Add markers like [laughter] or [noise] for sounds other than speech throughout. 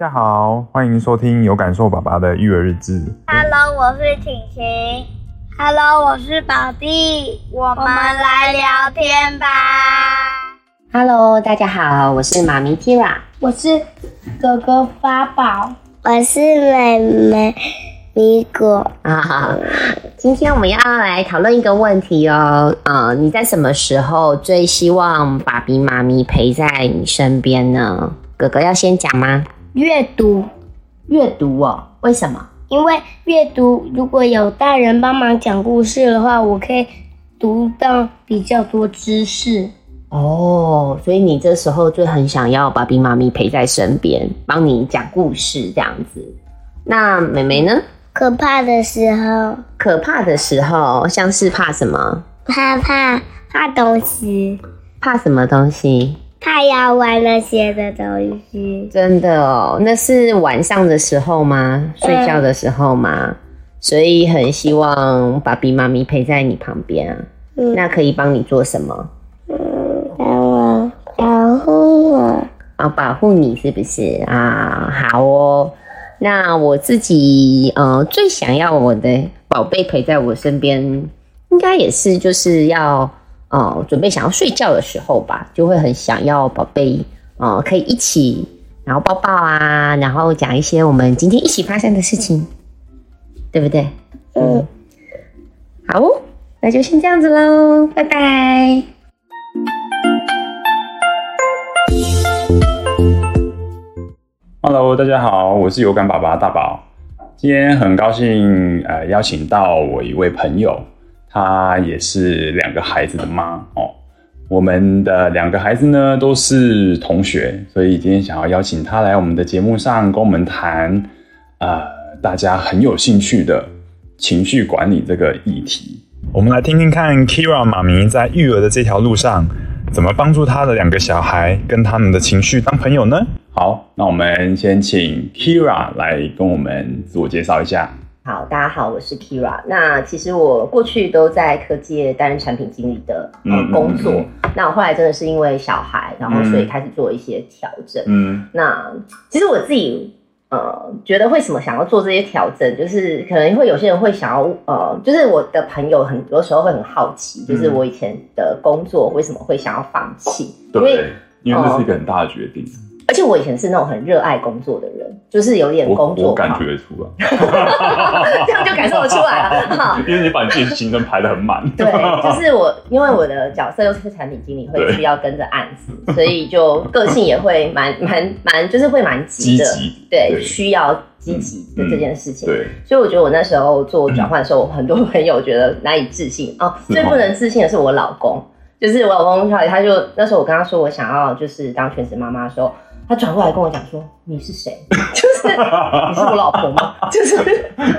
大家好，歡迎收聽有感授把拔的育兒日志。Hello，我是晴晴。Hello，我是寶弟。我們來聊天吧。Hello，大家好，我是媽咪 Kira。我是哥哥法寶。我是妹妹米果。啊哈！今天我們要來討論一個問題哦、嗯。你在什麼時候最希望爸比媽咪陪在你身邊呢？哥哥要先講嗎？閱讀，閱讀哦，為什麼？因為閱讀，如果有大人幫忙講故事的話，我可以讀到比較多知識。哦，所以你這時候就很想要爸比媽咪陪在身邊，幫你講故事這樣子。那妹妹呢？可怕的時候，可怕的時候，像是怕什麼？怕怕怕東西？怕什麼東西？太要玩那些的東西，真的哦？那是晚上的時候嗎？睡覺的時候嗎？欸、所以很希望爸比、媽咪陪在你旁邊啊。嗯、那可以幫你做什麼？嗯，幫我保護我啊！保護你是不是啊？好哦。那我自己嗯、呃、最想要我的寶貝陪在我身邊，應該也是就是要。哦，準備想要睡覺的時候吧，就會很想要寶貝，哦，可以一起，然後抱抱啊，然後講一些我們今天一起發生的事情，對不對？嗯、嗯，好，那就先這樣子嘍，拜拜。Hello，大家好，我是有感爸爸大寶，今天很高興呃邀請到我一位朋友。她也是兩個孩子的媽哦，我們的兩個孩子呢都是同學，所以今天想要邀請她來我們的節目上，跟我們談，呃，大家很有興趣的情緒管理這個議題。我們來聽聽看，Kira 媽咪在育兒的這條路上，怎麼幫助她的兩個小孩跟他們的情緒當朋友呢？好，那我們先請 Kira 來跟我們自我介紹一下。好，大家好，我是 Kira。那其實我過去都在科技業擔任產品經理的、嗯、呃工作。嗯、那我後來真的是因為小孩，然後所以開始做一些調整。嗯，那其實我自己呃覺得，為什麼想要做這些調整，就是可能會有些人會想要呃，就是我的朋友很多時候會很好奇，就是我以前的工作為什麼會想要放棄？嗯、因為，對，因為這是一個很大的決定。呃而且我以前是那種很熱愛工作的人，就是有點工作我，我感覺出來， [laughs] 這樣就感受得出來了， [laughs] 因為你把自己行程排得很滿。 [laughs] 對，就是我，因為我的角色又是個產品經理，會需要跟着案子，對所以就個性也會蠻蠻蠻，就是會蠻急的,的，對，對需要積極的這件事情。嗯嗯、所以我覺得我那時候做轉換的時候，我很多朋友覺得難以置信啊嗎、哦，最不能置信的是我老公，就是我老公，他就那時候我跟他說，我想要就是當全職媽媽的時候。他轉過來跟我講說：“你是誰？就是你是我老婆嗎？就是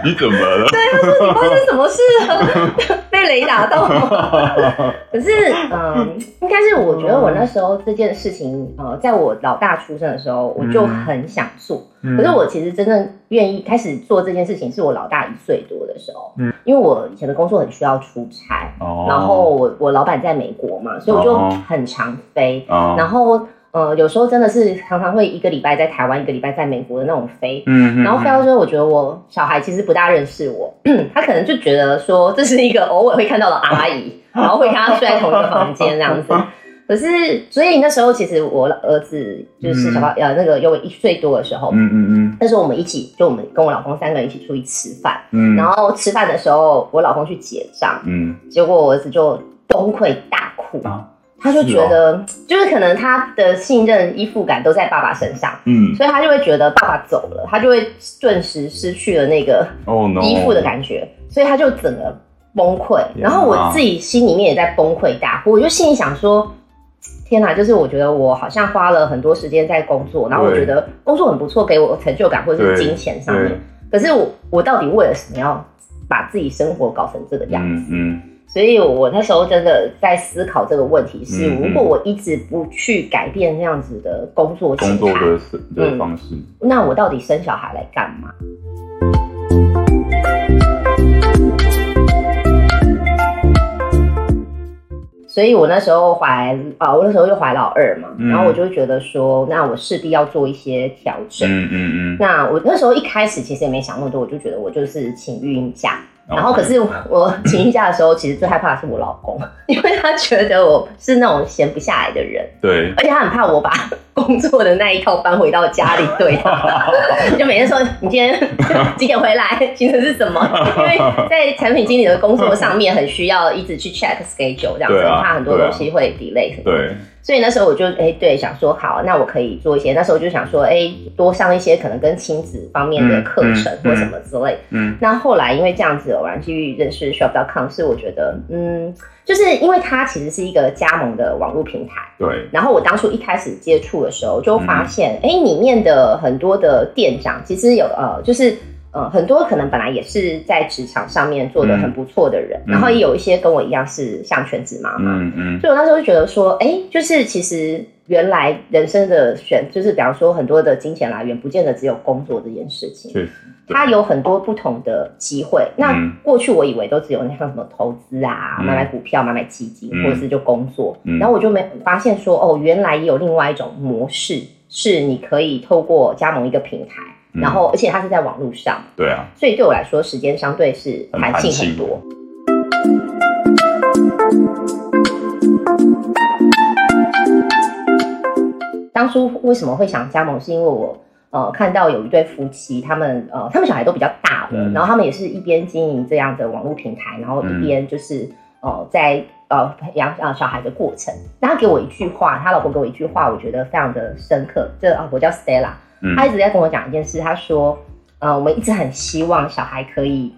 你怎麼了？ [laughs] 對，他說你發生什麼事了？被雷打到。 [laughs] 可是，嗯，應該是我覺得我那時候這件事情，呃，在我老大出生的時候，我就很想做。嗯，可是我其實真正願意開始做這件事情，是我老大一歲多的時候。嗯，因為我以前的工作很需要出差，哦哦，然後我我老闆在美國嘛，所以我就很常飛，哦哦，然後。”呃，有時候真的是常常會一個禮拜在台灣，一個禮拜在美國的那種飛，嗯嗯、然後飛到之後，我覺得我小孩其實不大認識我，他可能就覺得說這是一個偶爾會看到的阿姨，啊、然後會跟他睡在同一個房間、啊、這樣子。可是，所以那時候其實我兒子就是小寶呃、嗯啊，那個有一歲多的時候，嗯嗯嗯，嗯嗯那時候我們一起就我們跟我老公三個人一起出去吃飯，嗯，然後吃飯的時候我老公去結賬，嗯，結果我兒子就崩潰大哭。啊。他就覺得，是啊、就是可能他的信任依附感都在爸爸身上，嗯，所以他就會覺得爸爸走了，他就會頓時失去了那個依附的感覺，oh、no 所以他就整個崩潰。啊、然後我自己心裡面也在崩潰大哭，我就心裡想說：天哪、啊！就是我覺得我好像花了很多時間在工作，然後我覺得工作對、哦、很不錯，給我成就感或者是金錢上面。可是我我到底為了什麼要把自己生活搞成這個樣子？嗯嗯所以，我那時候真的在思考這個問題：是如果我一直不去改變這樣子的工作工作的、嗯、的方式，那我到底生小孩來幹嘛？所以，我那時候懷啊，我那時候就懷老二嘛，然後我就會覺得說，嗯、那我勢必要做一些調整。嗯嗯嗯。嗯嗯，那我那時候一開始其實也沒想那麼多，我就覺得我就是請育嬰假。然後，可是我請一假的時候，其實最害怕的是我老公，因為他覺得我是那種閒不下來的人，對，而且他很怕我把工作的那一套搬回到家裡，對他， [laughs] 就每天說你今天幾點回來，行程是什麼？因為在產品經理的工作上面，很需要一直去 check schedule，這樣子，啊、怕很多東西會 delay 什所以那時候我就哎、欸、對，想說好，那我可以做一些。那時候我就想說哎、欸，多上一些可能跟親子方面的課程或什麼之類嗯。嗯，嗯那後來因為這樣子，偶然去認識 Shop.com，所以我覺得嗯，就是因為它其實是一個加盟的網絡平台。對。然後我當初一開始接觸的時候，就發現哎、嗯欸，裡面的很多的店長其實有呃，就是。嗯、呃，很多可能本來也是在職場上面做的很不錯的人，嗯嗯、然後也有一些跟我一樣是像全職媽媽，嗯嗯，嗯所以我那時候就覺得說，哎，就是其實原來人生的選，就是比方說很多的金錢來源，不見得只有工作這件事情，對它有很多不同的機會。那過去我以為都只有那個什麼投資啊，嗯、買買股票，買買基金，或者是就工作，嗯、然後我就沒發現說，哦，原來也有另外一種模式，是你可以透過加盟一個平台。然後，而且他是在網絡上，嗯，對啊，所以對我來說時間相對是彈性很多。很當初為什麼會想加盟？是因為我呃看到有一對夫妻，他們呃他們小孩都比較大了，嗯、然後他們也是一邊經營這樣的網絡平台，然後一邊就是哦、嗯呃、在呃養呃小孩的過程。然後給我一句話，他、嗯、老婆給我一句話，我覺得非常的深刻。這啊，我叫 Stella。嗯、他一直在跟我講一件事，他說：“呃，我們一直很希望小孩可以，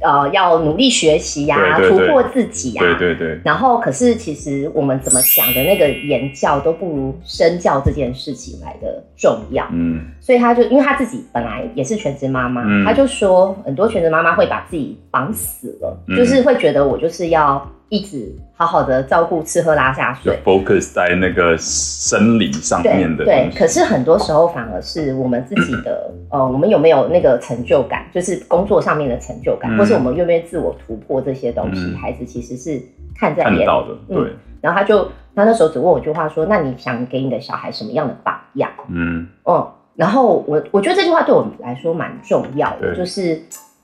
呃，要努力學習呀、啊，對對對突破自己呀、啊，對，對對對。然後，可是其實我們怎麼講的那個言教都不如身教這件事情來的重要。嗯，所以他就因為他自己本來也是全職媽媽，嗯、他就說很多全職媽媽會把自己綁死了，嗯、就是會覺得我就是要。”一直好好的照顧吃喝拉撒睡，focus 在那個生理上面的對。對，可是很多時候反而是我們自己的， [coughs] 呃，我們有沒有那個成就感，就是工作上面的成就感，嗯、或是我們願不願意自我突破這些東西，嗯、孩子其實是看在眼裡的。嗯、對。然後他就他那時候只問我一句話，說：“那你想給你的小孩什麼樣的榜樣？”嗯嗯。然後我我覺得這句話對我來說蠻重要的，對就是。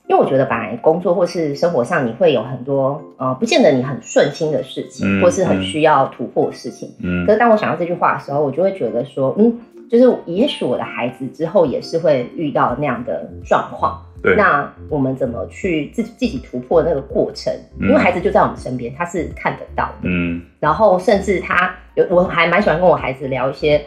因為我覺得，本來工作或是生活上，你會有很多，呃，不見得你很順心的事情，嗯、或是很需要突破的事情。嗯。可是當我想到這句話的時候，我就會覺得說，嗯，就是也許我的孩子之後也是會遇到那樣的狀況。對。那我們怎麼去自自己突破那個過程？因為孩子就在我們身邊，他是看得到的。嗯。然後甚至他，我還蠻喜歡跟我孩子聊一些。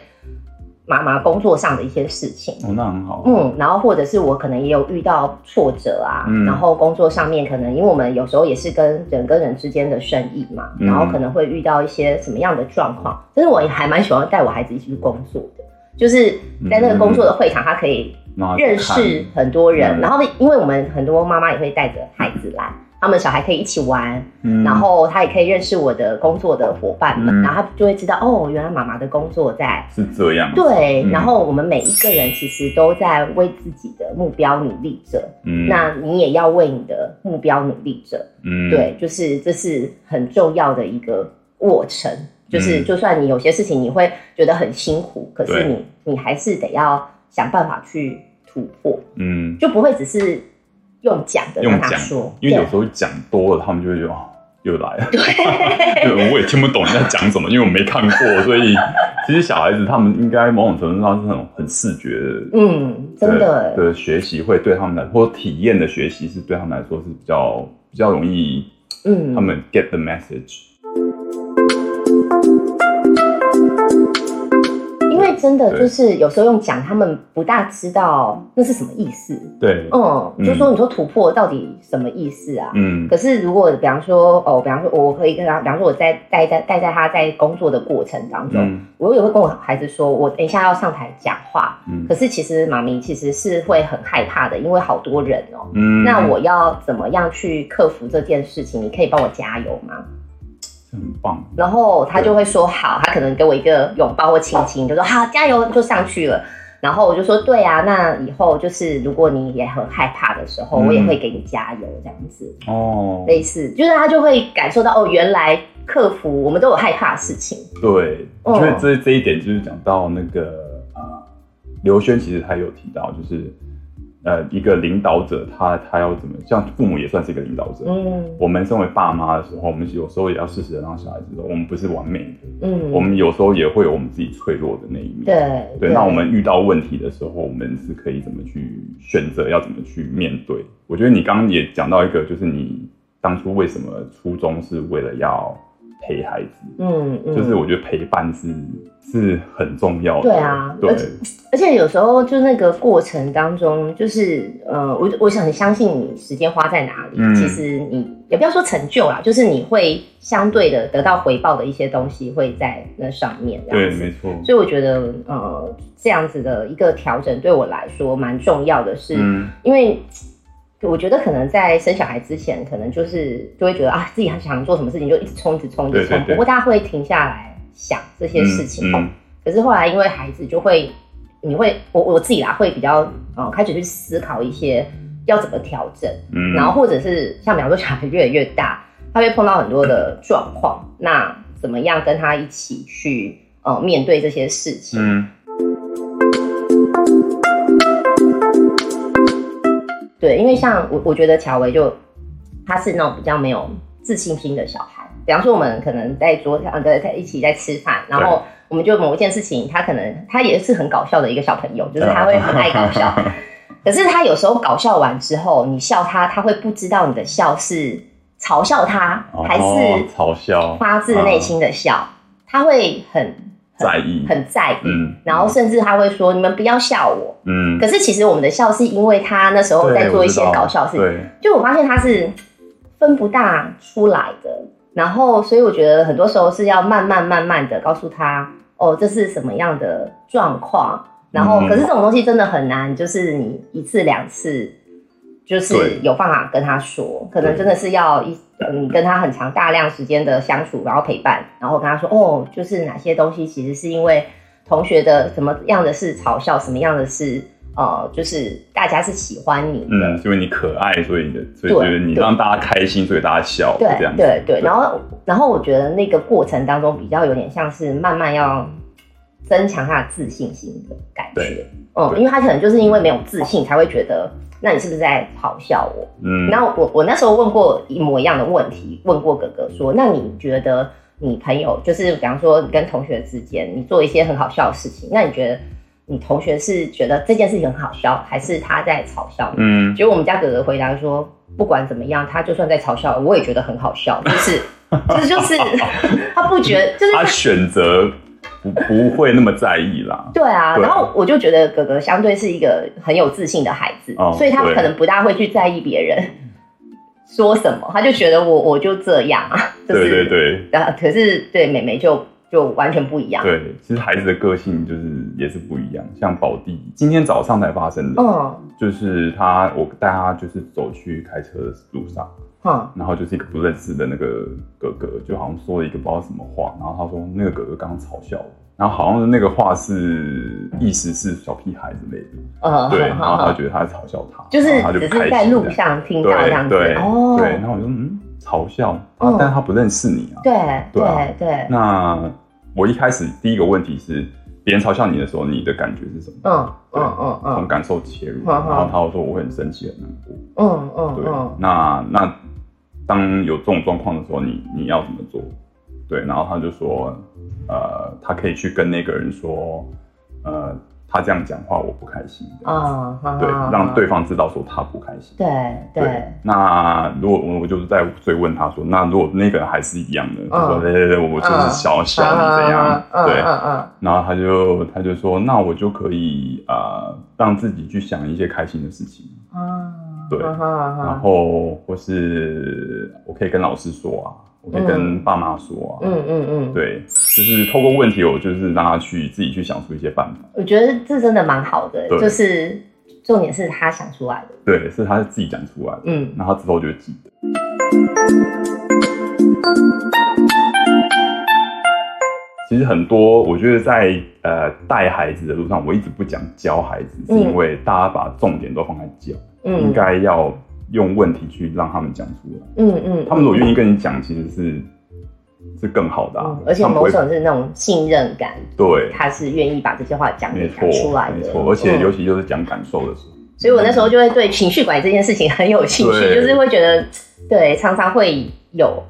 媽媽工作上的一些事情哦，那很好。嗯，然後或者是我可能也有遇到挫折啊，嗯、然後工作上面可能，因為我們有時候也是跟人跟人之間的生意嘛，嗯、然後可能會遇到一些什麼樣的狀況。但是我也還蠻喜歡帶我孩子一起去工作的，就是在那個工作的會場，嗯、他可以認識很多人。開然後，因為我們很多媽媽也會帶着孩子來。嗯他們小孩可以一起玩，嗯、然後他也可以認識我的工作的夥伴們，嗯、然後他就會知道哦，原來媽媽的工作在是這樣。對，嗯、然後我們每一個人其實都在為自己的目標努力着。嗯，那你也要為你的目標努力着。嗯，對，就是這是很重要的一個過程。嗯、就是就算你有些事情你會覺得很辛苦，可是你對你還是得要想辦法去突破。嗯，就不會只是。用講的，用講，因為有時候講多了，對他們就會說，啊，又來了。 [laughs] 對，我也聽不懂人家講什麼，因為我沒看過，所以其實小孩子他們應該某種程度上是很很視覺的，嗯，真的、呃、的學習會對他們來說，或體驗的學習是對他們來說是比較比較容易，嗯，他們 get the message，嗯。真的就是有時候用講，他們不大知道那是什麼意思。對，嗯，嗯，就是說你說突破到底什麼意思啊？嗯，可是如果比方說，哦，比方說，我可以跟他，比方說我在待在待在他在工作的過程當中，嗯，我也會跟我孩子說，我等一下要上台講話。嗯，可是其實媽咪其實是會很害怕的，因為好多人哦。嗯，那我要怎麼樣去克服這件事情？你可以幫我加油嗎？很棒，然後他就會說好，對他可能給我一個擁抱或親親，就說好加油就上去了，然後我就說對啊，那以後就是如果你也很害怕的時候，嗯、我也會給你加油這樣子哦，類似就是他就會感受到哦，原來克服我們都有害怕的事情，對，哦、因為這這一點就是講到那個、呃、劉軒其實他有提到就是。呃，一個領導者，他他要怎麼像父母也算是一個領導者。嗯，我們身為爸媽的時候，我們有時候也要適時的讓小孩子說，我們不是完美的。嗯，我們有時候也會有我們自己脆弱的那一面。對對，那我們遇到問題的時候，我們是可以怎麼去選擇，要怎麼去面對？我覺得你剛剛也講到一個，就是你當初為什麼初衷是為了要。陪孩子，嗯，嗯就是我覺得陪伴是、嗯、是很重要的。對啊，對，而且，而且有時候就那個過程當中，就是呃，我我想相信你時間花在哪裡，嗯、其實你也不要說成就啦，就是你會相對的得到回報的一些東西會在那上面。對，沒錯。所以我覺得呃，這樣子的一個調整對我來說蠻重要的是，是、嗯、因為。我覺得可能在生小孩之前，可能就是就會覺得啊，自己想做什麼事情，就一直衝，一直衝，一直衝。對對對。不過大家會停下來想這些事情。嗯，嗯、哦。可是後來因為孩子就會，你會我我自己啦，會比較哦、呃，開始去思考一些要怎麼調整。嗯。然後或者是像比方說小孩越來越大，他會碰到很多的狀況，嗯、那怎麼樣跟他一起去、呃、面對這些事情？嗯。對，因為像我，我覺得喬薇就他是那種比較沒有自信心的小孩。比方說，我們可能在桌上在在一起在吃飯，對然後我們就某一件事情，他可能他也是很搞笑的一個小朋友，就是他會很愛搞笑。 [laughs] 可是他有時候搞笑完之後，你笑他，他會不知道你的笑是嘲笑他還是嘲笑，發自內心的笑， [laughs] 他會很在意，很在意，嗯，然後甚至他會說：“你們不要笑我，嗯。”可是其實我們的笑是因為他那時候在做一些搞笑事，對。我對就我發現他是分不大出來的，然後所以我覺得很多時候是要慢慢慢慢的告訴他：“哦，這是什麼樣的狀況。”然後可是這種東西真的很難，就是你一次兩次。就是有方法跟他說，對可能真的是要一嗯跟他很長大量時間的相處，然後陪伴，然後跟他說哦，就是哪些東西其實是因為同學的什麼樣的是嘲笑，什麼樣的是呃，就是大家是喜歡你，嗯、啊，因為你可愛，所以你的，所以覺得對你讓大家開心，對所以大家笑，對這樣對對。對對然後然後我覺得那個過程當中比較有點像是慢慢要增強他的自信心的感覺，對嗯，對因為他可能就是因為沒有自信才會覺得。那你是不是在嘲笑我？嗯，然後我我那時候問過一模一樣的問題，問過哥哥說，那你覺得你朋友就是，比方說你跟同學之間，你做一些很好笑的事情，那你覺得你同學是覺得這件事情很好笑，還是他在嘲笑你？嗯，結果我們家哥哥回答說，不管怎麼樣，他就算在嘲笑我，我也覺得很好笑，就是就是就是 [laughs] [laughs] 他不覺得，就是他選擇。不不會那麼在意啦。對啊，對啊，然後我就覺得哥哥相對是一個很有自信的孩子，哦、所以他可能不大會去在意別人說什麼，對他就覺得我我就這樣啊。就是、對對對。啊、可是對妹妹就就完全不一樣。對，其實孩子的個性就是也是不一樣。像寶弟今天早上才發生的，嗯、哦，就是他我帶他就是走去開車的路上。嗯，然後就是一個不認識的那個哥哥，就好像說了一個不知道什麼話，然後他說那個哥哥剛剛嘲笑我，然後好像那個話是意思是小屁孩之類的，呃，對，然後他覺得他在嘲笑他，就是他就在路上聽到這樣，對，對，然後我說嗯，嘲笑，啊，但是他不認識你啊，對，對對，那我一開始第一個問題是，別人嘲笑你的時候，你的感覺是什麼？嗯，嗯嗯，從感受切入，然後他說我會很生氣很難過，嗯嗯，對，那那。當有這種狀況的時候，你你要怎麼做？對，然後他就說，呃，他可以去跟那個人說，呃，他這樣講話我不開心。啊、uh, uh，huh. 對，讓對方知道說他不開心。對、uh huh. 對。對對，那如果我我就是在追問他說，那如果那個人還是一樣的，他、uh huh. 說對對對，我就是小小，你這樣？對對。然後他就他就說，那我就可以啊、呃，讓自己去想一些開心的事情。嗯、uh。Huh. 對，啊哈啊哈，然後或是我可以跟老師說啊，我可以跟爸媽說啊，嗯嗯嗯，對，就是透過問題，我就是讓他去自己去想出一些辦法。我覺得這真的蠻好的，對就是重點是他想出來的，對，是他是自己講出來的，嗯，然後他之後就會記得。嗯其實很多，我覺得在呃帶孩子的路上，我一直不講教孩子，嗯、是因為大家把重點都放在教，嗯、應該要用問題去讓他們講出來。嗯嗯，嗯他們如果願意跟你講，其實是、嗯、是更好的啊。嗯、而且某種是那種信任感，對，他是願意把這些話講出來的。的。而且尤其就是講感受的時候。嗯、所以我那時候就會對情緒管理這件事情很有興趣，對就是會覺得對，常常會有。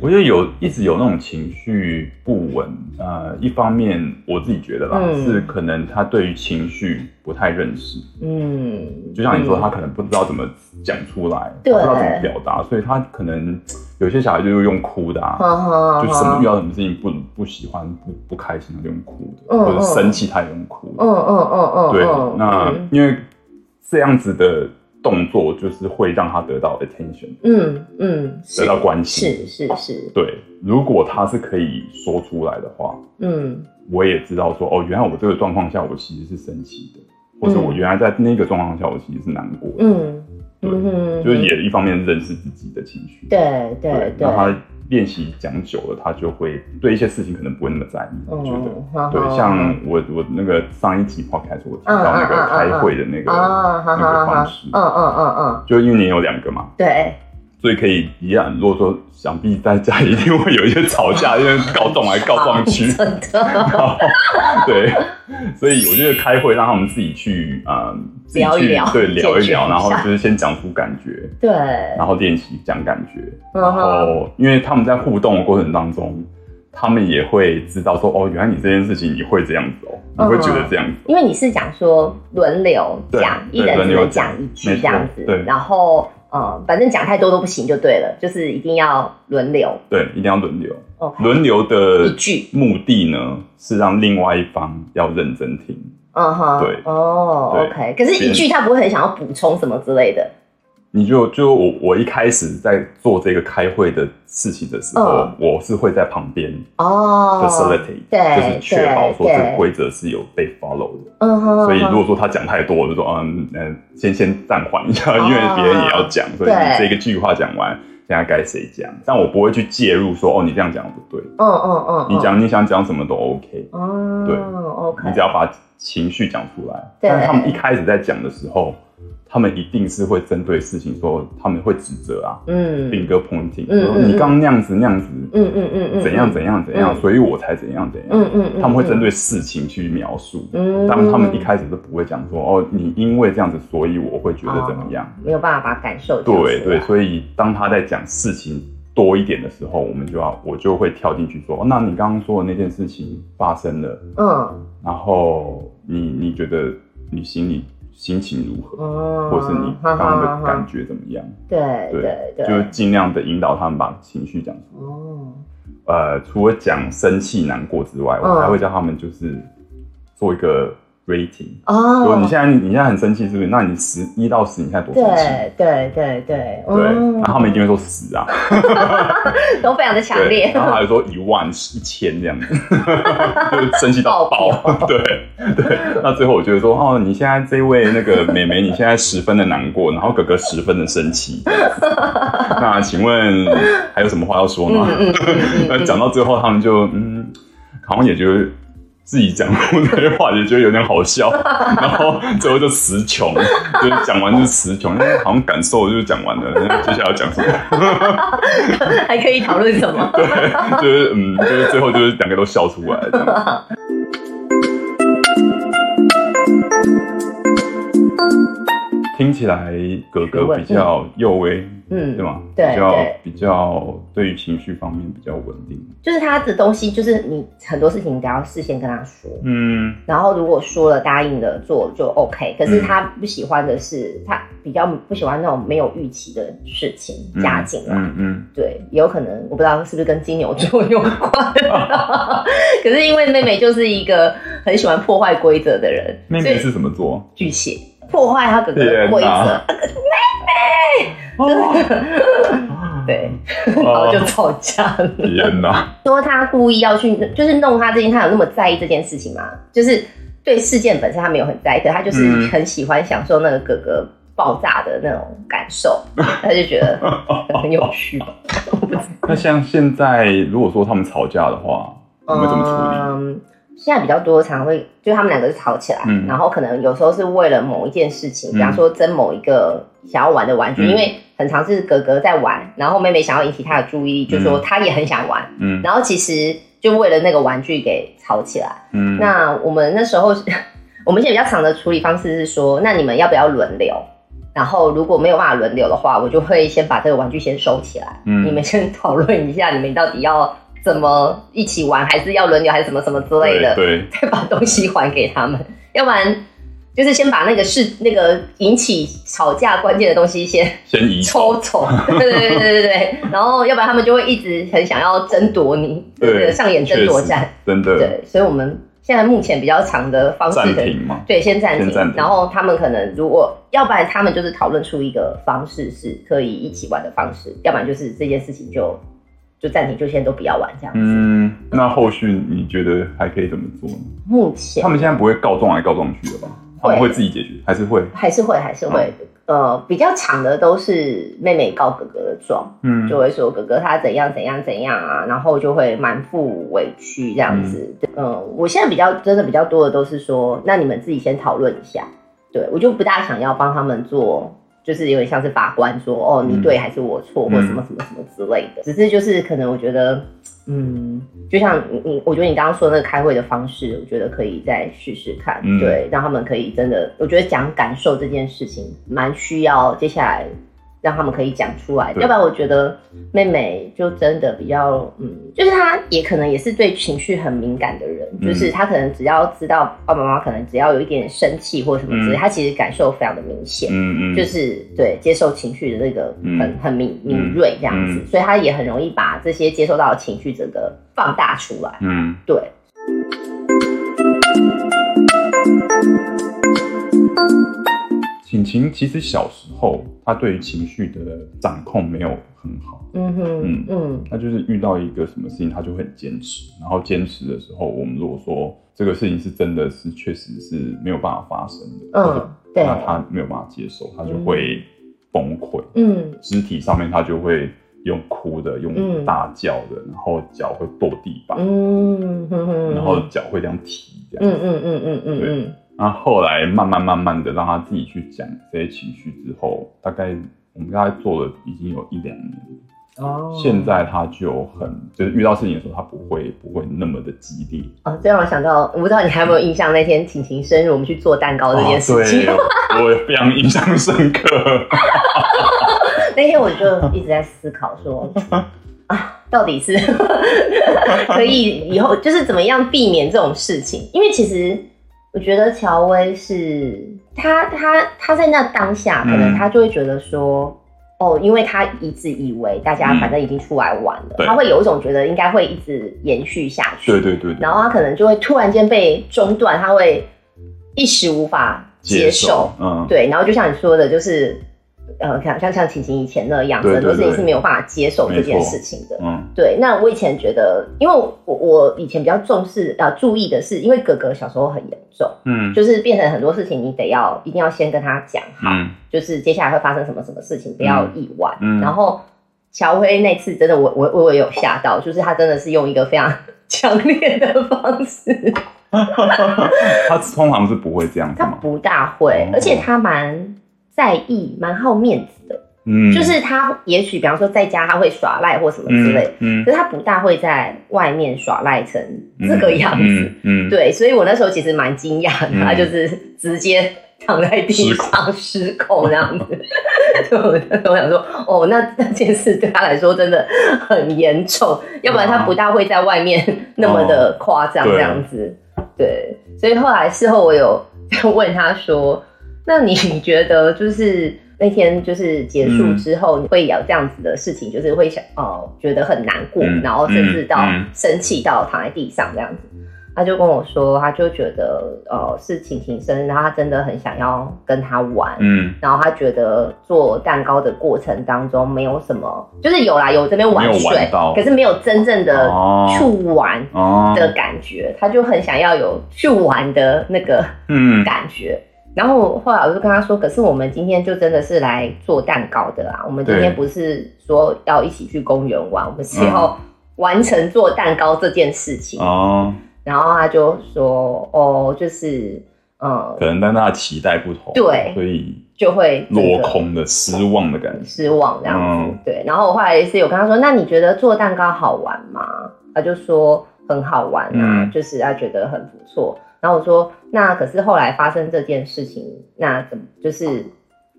我覺得有一直有那種情緒不穩，呃，一方面我自己覺得吧，嗯、是可能他對於情緒不太認識，嗯，就像你說，嗯、他可能不知道怎麼講出來，對不知道怎麼表達，所以他可能有些小孩就是用哭的，啊，好好好就什麼遇到什麼事情不不喜歡不不開心，他就用哭，、oh、用哭的，或者生氣他也用哭，嗯嗯嗯嗯，對，oh、okay 那因為這樣子的。動作就是會讓他得到 attention，嗯嗯，嗯得到關心，是是是，是對。如果他是可以說出來的話，嗯，我也知道說哦，原來我這個狀況下我其實是生氣的，嗯，或者我原來在那個狀況下我其實是難過的，嗯，對，嗯，就是也一方面認識自己的情緒，嗯，對對對，對練習講久了，他就會對一些事情可能不會那麼在意。嗯、我覺得，對，像我我那個上一集 podcast 我提到那個開會的那個那個方式，嗯嗯嗯嗯，就一年有兩個嘛，對。所以可以一樣，如果說想必大家一定會有一些吵架，因為告狀來告狀去，真的，對，所以我覺得開會讓他們自己去，嗯，聊一聊，對，聊一聊，然後就是先講出感覺，對，然後練習講感覺，然後因為他們在互動的過程當中，他們也會知道說，哦，原來你這件事情你會這樣子哦，你會覺得這樣子，因為你是講說輪流講，一人輪流講一句這樣子，然後。嗯、哦，反正講太多都不行，就對了，就是一定要輪流。對，一定要輪流。輪流的一句目的呢，是讓另外一方要認真聽。嗯哼，對，哦，OK。可是，一句他不會很想要補充什麼之類的。你就就我我一開始在做這個開會的事情的時候，我是會在旁邊哦，facilitate，對，就是確保說這個規則是有被 follow 的，嗯哼，所以如果說他講太多我就說嗯嗯，先先暫緩一下，因為別人也要講，所以你這一個句話講完，現在該誰講？但我不會去介入說哦，你這樣講不對，嗯嗯嗯，你講你想講什麼都 OK，對，OK，你只要把情緒講出來，但是他們一開始在講的時候。他們一定是會針對事情說，他們會指責啊，嗯。finger pointing、嗯嗯。你剛那樣子那樣子，嗯嗯嗯嗯，怎樣怎樣怎樣，嗯、所以我才怎樣怎樣，嗯嗯，嗯，嗯，嗯，嗯他們會針對事情去描述，嗯，嗯，嗯，但他們一開始都不會講說，哦，你因為這樣子，所以我會覺得怎麼樣，哦、沒有辦法把感受對對，所以當他在講事情多一點的時候，我們就要我就會跳進去說，哦，那你剛剛說的那件事情發生了，嗯，然後你你覺得你心裡。心情如何？嗯、或是你剛剛的感覺怎麼樣？對對對，就盡量的引導他們把情緒講出來。哦、嗯，呃，除了講生氣、難過之外，我還會教他們就是做一個。Rating 哦，oh, 你現在你現在很生氣是不是？那你十一到十，你現在多生氣？對對對對對。對對，嗯、然後他們一定會說十啊， [laughs] 都非常的強烈。然後還有說一萬、一千這樣子， [laughs] 就生氣到爆。平對對，那最後我覺得說，哦，你現在這位那個妹妹，你現在十分的難過，然後哥哥十分的生氣。對。 [laughs] [laughs] 那請問還有什麼話要說嗎？嗯嗯嗯嗯、 [laughs] 講到最後，他們就嗯，好像也覺得。自己講那些話也覺得有點好笑，然後最後就詞窮， [laughs] 就，講就是講完就詞窮，因為、哦、好像感受就講完了，接下來要講什麼？ [laughs] 還可以討論什麼？對，就是嗯，就是最後就是兩個都笑出來這樣子。 [laughs] 聽起來哥哥比較幼微。嗯，嗎對嗎？對，比較比較對於情緒方面比較穩定，就是他的東西，就是你很多事情都要事先跟他說，嗯，然後如果說了答應了做就 OK，可是他不喜歡的是，嗯、他比較不喜歡那種沒有預期的事情加進來、嗯，嗯嗯，對，有可能我不知道是不是跟金牛座有關， [laughs] [laughs] 可是因為妹妹就是一個很喜歡破壞規則的人，妹妹是什麼座？巨蟹。破壞他哥哥的規則，啊啊、妹妹，哦、對，然後就吵架了。天哪、啊！說他故意要去，就是弄他這件。之前他有那麼在意這件事情嗎？就是對事件本身他沒有很在意，可他就是很喜歡享受那個哥哥爆炸的那種感受，嗯、他就覺得很有趣。 [laughs] 我不知道。那像現在，如果說他們吵架的話，我們怎麼處理？嗯現在比較多，常、常會就他們兩個就吵起來，嗯、然後可能有時候是為了某一件事情，比方說爭某一個想要玩的玩具，嗯、因為很常是哥哥在玩，然後妹妹想要引起他的注意力，嗯、就說他也很想玩，嗯，然後其實就為了那個玩具給吵起來，嗯，那我們那時候，我們現在比較常的處理方式是說，那你們要不要輪流？然後如果沒有辦法輪流的話，我就會先把這個玩具先收起來，嗯，你們先討論一下，你們到底要。怎麼一起玩，還是要輪流，還是什麼什麼之類的？對，對，再把東西還給他們，要不然就是先把那個是那個引起吵架關鍵的東西先先移抽走，對對對對對。 [laughs] 然後，要不然他們就會一直很想要爭奪你，對，上演爭奪戰，真的。對，所以我們現在目前比較長的方式可以，暫停嗎？對，先暫停。暫停，然後他們可能如果，要不然他們就是討論出一個方式是可以一起玩的方式，要不然就是這件事情就。就暫停，就先都不要玩這樣子。嗯，嗯，那後續你覺得還可以怎麼做呢？目前他們現在不會告狀來告狀去的吧？會他們會自己解決，還是會？還是會，還是會。嗯、呃，比較長的都是妹妹告哥哥的狀，嗯，就會說哥哥他怎樣怎樣怎樣啊，然後就會滿腹委屈這樣子。嗯對、呃，我現在比較真的比較多的都是說，那你們自己先討論一下。對我就不大想要幫他們做。就是有點像是法官說哦，你對還是我錯，嗯、或什麼什麼什麼之類的。只是就是可能我覺得，嗯，嗯，就像你你、嗯，我覺得你剛剛說的那個開會的方式，我覺得可以再試試看，對，嗯、讓他們可以真的，我覺得講感受這件事情蠻需要接下來，讓他們可以講出來，對要不然我覺得妹妹就真的比較，嗯，就是她也可能也是對情緒很敏感的人，嗯、就是她可能只要知道爸爸媽媽可能只要有一點點生氣或什麼之類，嗯、她其實感受非常的明顯，嗯嗯，就是對接受情緒的那個很、嗯、很，很敏敏銳這樣子，嗯、所以她也很容易把這些接受到的情緒整個放大出來，嗯，對。景晴其實小時候。他對於情緒的掌控沒有很好，嗯嗯嗯，那、嗯、就是遇到一個什麼事情，他就會很堅持，然後堅持的時候，我們如果說這個事情是真的是確實是沒有辦法發生的，嗯，對就，嗯、那他沒有辦法接受，他就會崩潰，嗯，肢體上面他就會用哭的，用大叫的，然後腳會跺地板，嗯哼哼，嗯、然後腳會這樣踢，這樣嗯嗯嗯嗯嗯。嗯嗯嗯嗯對。那後來慢慢慢慢的讓他自己去講這些情緒之後，大概我們大概做了已經有一兩年，哦，現在他就很就是遇到事情的時候，他不會不會那麼的激烈。哦，這讓我想到，我不知道你還有沒有印象，那天晴晴生日我們去做蛋糕這件事情，哦、對，我也非常印象深刻。 [laughs] [laughs] 那天我就一直在思考說，啊，到底是 [laughs] 可以以後就是怎麼樣避免這種事情？因為其實。我覺得喬薇是，他她她在那當下，可能他就會覺得說，嗯、哦，因為他一直以為大家反正已經出來玩了，嗯、他會有一種覺得應該會一直延續下去，對，對對對，然後他可能就會突然間被中斷，他會一時無法接受，接受嗯，對，然後就像你說的，就是。呃，像像像晴晴以前那樣，對對對，就是你是沒有辦法接受這件事情的。嗯，對。那我以前覺得，因為我我以前比較重視呃，注意的是，因為哥哥小時候很嚴重，嗯，就是變成很多事情你得要一定要先跟他講好，嗯、就是接下來會發生什麼什麼事情，不要意外。嗯嗯、然後喬輝那次真的我，我我我有嚇到，就是他真的是用一個非常強烈的方式。哈哈哈哈，他通常是不會這樣子，他不大會，哦哦，而且他蠻在意蠻好面子的，嗯，就是他也許比方說在家他會耍賴或什麼之類，嗯，嗯，可是他不大會在外面耍賴成這個樣子，嗯，嗯嗯對，所以我那時候其實蠻驚訝的，嗯、他就是直接躺在地上失控這樣子，哈失 [laughs] 我想說哦，那那件事對他來說真的很嚴重，要不然他不大會在外面那麼的誇張這樣子，啊哦、對，對，所以後來事後我有問他說。那你覺得就是那天就是結束之後，會有這樣子的事情，就是會想哦，覺得很難過，嗯、然後甚至到生氣到躺在地上這樣子。嗯嗯、他就跟我說，他就覺得呃、哦、是晴晴生日，然後他真的很想要跟他玩。嗯，然後他覺得做蛋糕的過程當中沒有什麼，就是有啦，有這邊玩水，玩，可是沒有真正的去玩的感覺。哦哦、他就很想要有去玩的那個嗯感覺。嗯然後後來我就跟他說，可是我們今天就真的是來做蛋糕的啦、啊。我們今天不是說要一起去公園玩，對我們是要完成做蛋糕這件事情。哦、嗯。然後他就說，哦，就是嗯，可能但大家期待不同，對，所以就會落空的，的失望的感覺，失望這樣子。嗯、對。然後後來是有跟他說，那你覺得做蛋糕好玩嗎？他就說很好玩啊，嗯、就是他覺得很不錯。然後我說，那可是後來發生這件事情，那怎麼就是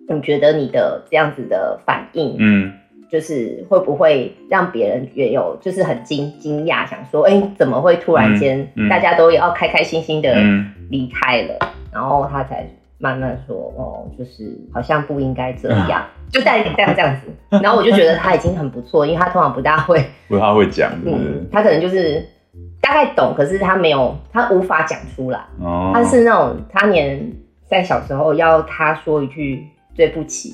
你覺得你的這樣子的反應，嗯，就是會不會讓別人也有就是很驚驚訝，想說，哎，怎麼會突然間大家都也要開開心心的離開了？嗯嗯、然後他才慢慢說，哦，就是好像不應該這樣，啊、就帶帶這樣子。然後我就覺得他已經很不錯，因為他通常不大會，不大會講是不是，嗯，他可能就是。大概懂，可是他沒有，他無法講出來。哦，他是那種，他連在小時候要他說一句對不起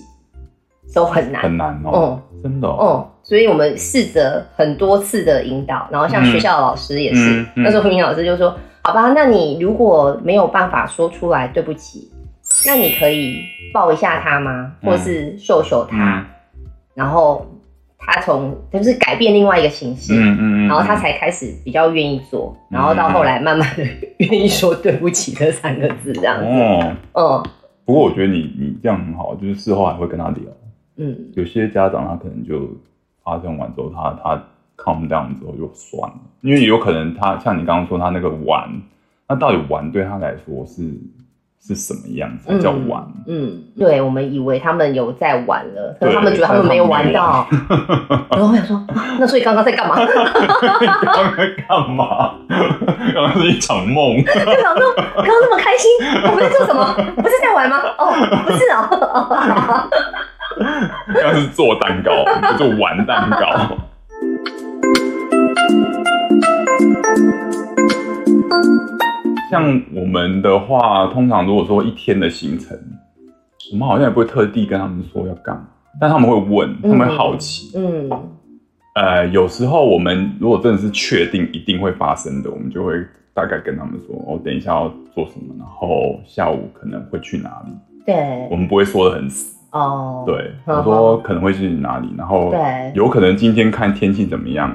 都很難，很難哦。嗯，真的哦。嗯，所以我們試着很多次的引導，然後像學校的老師也是，嗯嗯嗯、那時候明老師就說：“好吧，那你如果沒有辦法說出來對不起，那你可以抱一下他嗎？嗯、或是秀秀他，嗯嗯、然後。”他從就是改變另外一個形式，嗯嗯，嗯，然後他才開始比較願意做，嗯、然後到後來慢慢的願意說對不起這三個字這樣子。嗯，嗯，不過我覺得你你這樣很好，就是事後還會跟他聊。嗯，有些家長他可能就發生完之後他，他他 calm down 之後就算了，因為也有可能他像你剛剛說他那個玩，那到底玩對他來說是。是什麼樣子叫玩嗯？嗯，對，我們以為他們有在玩了，可是他們覺得他們沒有玩到，然後、哦、我想說，那所以剛剛在幹嘛？剛 [laughs] 剛在幹嘛？剛剛是一場夢，一場夢，剛剛那麼開心，我不是做什麼？不是在玩嗎？哦，不是哦。剛 [laughs] 剛是做蛋糕，不是玩蛋糕。像我們的話，通常如果說一天的行程，我們好像也不會特地跟他們說要幹嘛，但他們會問，他們會好奇。嗯，嗯、呃，有時候我們如果真的是確定一定會發生的，我們就會大概跟他們說，我、哦、等一下要做什麼，然後下午可能會去哪裡。對，我們不會說得很死。哦，對，我說可能會去哪裡，對然後對，有可能今天看天氣怎麼樣。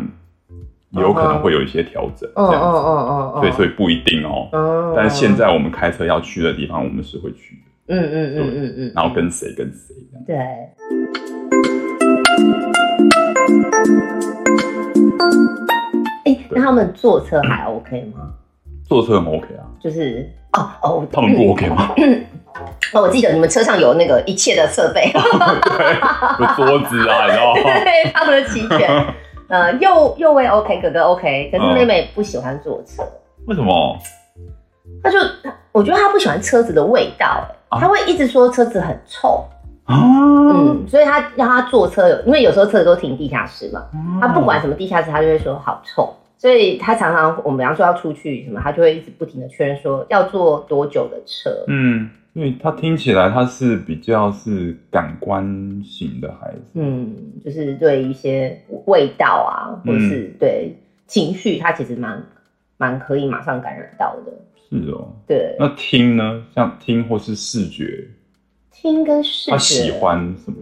有可能會有一些調整，這樣子，所以所以不一定哦。但現在我們開車要去的地方，我們是會去的。嗯嗯嗯嗯嗯。然後跟誰跟誰。對。哎，那他們坐車還 OK 嗎？坐車很 OK 啊，就是哦哦，他們不 OK 嗎？哦，我記得你們車上有那個一切的設備，對，有桌子啊，你知道嗎？對，他們的齊全。呃，幼幼妹 OK，哥哥 OK，可是妹妹不喜歡坐車。為什麼？她、嗯、就他，我覺得她不喜歡車子的味道、欸，她、啊、他會一直說車子很臭。啊、嗯，所以她讓她坐車，因為有時候車子都停地下室嘛，她、啊、不管什麼地下室，她就會說好臭。所以她常常我們比如說要出去什麼，她就會一直不停的確認說要坐多久的車。嗯。因為他聽起來，他是比較是感官型的孩子，嗯，就是對一些味道啊，或是、嗯、對情緒，他其實蠻蠻可以馬上感染到的。是哦，對。那聽呢？像聽或是視覺？聽跟視覺。他喜歡什麼？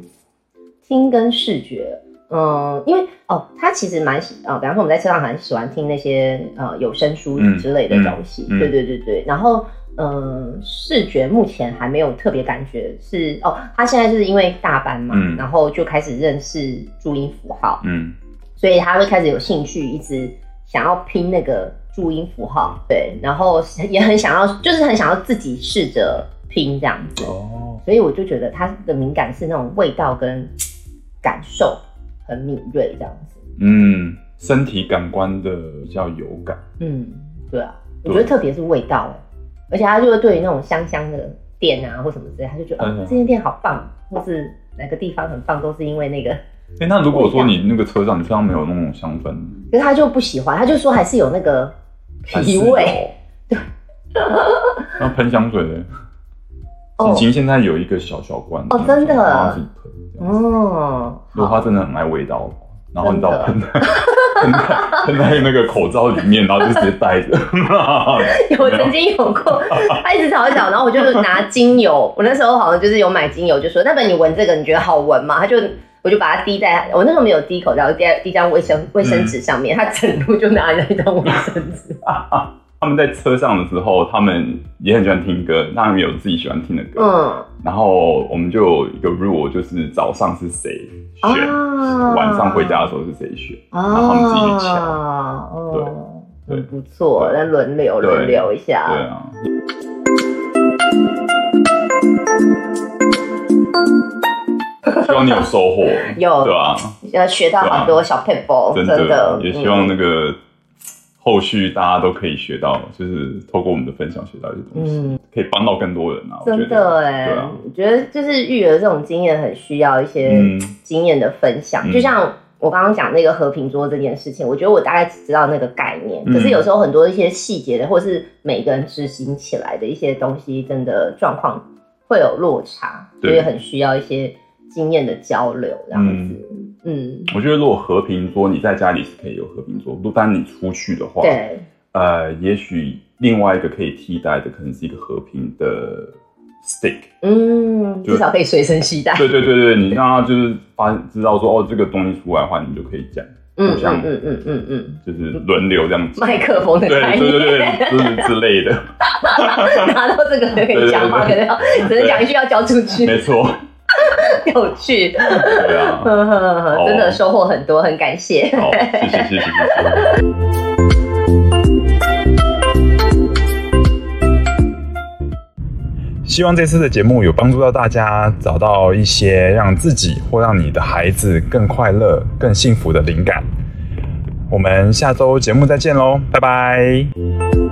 聽跟視覺，嗯，因為哦，他其實蠻喜啊，比方說我們在車上很喜歡聽那些呃有聲書之類的東西，嗯、對對對對，嗯、然後。嗯，視覺目前還沒有特別感覺是哦，他現在就是因為大班嘛，嗯、然後就開始認識注音符號，嗯，所以他會開始有興趣，一直想要拼那個注音符號，對，然後也很想要，就是很想要自己試着拼這樣子，哦，所以我就覺得他的敏感是那種味道跟感受很敏銳這樣子，嗯，身體感官的叫有感，嗯，對啊，對我覺得特別是味道、欸而且他就會對於那種香香的店啊或什麼之類，他就覺得啊，這間店好棒，或是哪個地方很棒，都是因為那個。哎，那如果說你那個車上你車上沒有那種香氛，可是他就不喜歡，他就說還是有那個皮味。對。那噴香水的，其實現在有一個小小罐。哦，真的。哦，如果他真的很愛味道，然後你倒噴。在，在那個口罩裡面，然後就直接戴着。我 [laughs] 曾經有過，他一直吵一吵，然後我就拿精油。 [laughs] 我那時候好像就是有買精油，就說：“那本你聞這個，你覺得好聞嗎？”他就我就把它滴在，我那時候沒有滴口罩，滴在滴在衛生衛生紙上面。嗯、他整路就拿來當衛生紙。 [laughs] 他們在車上的時候，他們也很喜歡聽歌，他們有自己喜歡聽的歌。嗯，然後我們就有一個 rule，就是早上是誰選，晚上回家的時候是誰選，然後他們自己去搶。對不錯，來輪流輪流一下。對啊。希望你有收穫，有對吧？要學到好多小撇步，真的，也希望那個。後續大家都可以學到，就是透過我們的分享學到一些東西，嗯、可以幫到更多人啊！啊真的哎、欸，啊、我覺得就是育兒這種經驗很需要一些經驗的分享。嗯、就像我剛剛講那個和平桌這件事情，我覺得我大概只知道那個概念，嗯、可是有時候很多一些細節的，或是每個人執行起來的一些東西，真的狀況會有落差，對所以很需要一些經驗的交流這樣子。嗯嗯，我覺得如果和平桌你在家裡是可以有和平桌，但你出去的話，對，呃，也許另外一個可以替代的，可能是一個和平的 stick，嗯，就至少可以隨身攜帶。對對對對，你讓他就是發知道說哦，這個東西出來的話，你們就可以講、嗯像嗯，嗯嗯嗯嗯嗯，嗯嗯就是輪流這樣子，麥克風的對對對對，之、就是、之類的， [laughs] 拿到這個就可以講話，可能要只能講一句要交出去，沒錯。有趣，對啊， [laughs] 真的收穫很多，啊、很感謝，謝，謝。謝謝，謝謝。謝謝。希望這次的節目有幫助到大家，找到一些讓自己或讓你的孩子更快樂、更幸福的靈感。我們下周節目再見嘍，拜拜。